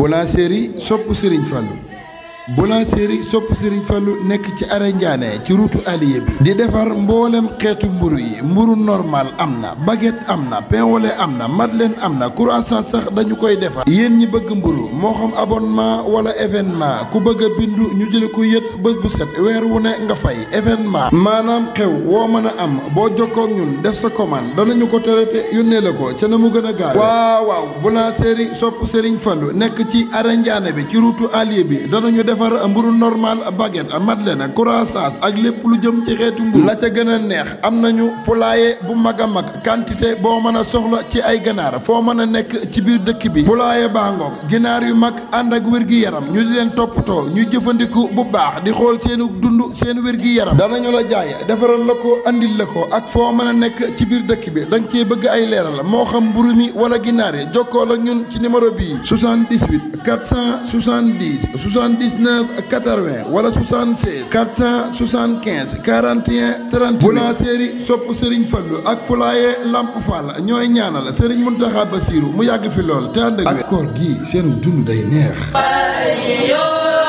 Bonacéry sopp Serigne Fallou boulangerie séri sopp Serigne falu nekk ci are ci route allié bi di defar mboolem xeetu mburu yi mburu normal am na baguette am na pain au am na leen am na croissant sax dañu koy defar yéen ñi bëgg mburu moo xam abonnement wala événement ku bëgg a bindu ñu jël ko yët bés bu set weer wu ne nga fay événement maanaam xew woo mën a am boo jokkook ñun def sa commande danañu ko traité yónnee la ko ca na mu gën a gaaw waaw waaw boulangerie sopp Serigne Fallou nekk ci are bi ci route allié bi danañu def defar mburu normal baguette madeleine croissant ak lépp lu jëm ci xeetu mburu la ca gën a neex am ñu poulailler bu mag a mag quantité boo mën a soxla ci ay ganaar foo mën a nekk ci biir dëkk bi poulailler baa ngoog ginaar yu mag ànd ak wér gi yaram ñu di leen toppatoo ñuy jëfandiku bu baax di xool seenu dund seen wér gi yaram danañu la jaay defaral la ko indil la ko ak foo mën a nekk ci biir dëkk bi danga cee bëgg ay leeral moo xam mburu mi wala ginaar yi jokkool ak ci numéro bii 78 470 70 79 80 wala 76 475 41 30 bu la séeri sopp Serigne Fallou ak poulailler Lamp Fall ñooy ñaanal Serigne Mountakha Bassirou mu yàgg fi lool te koor gi seen dund day neex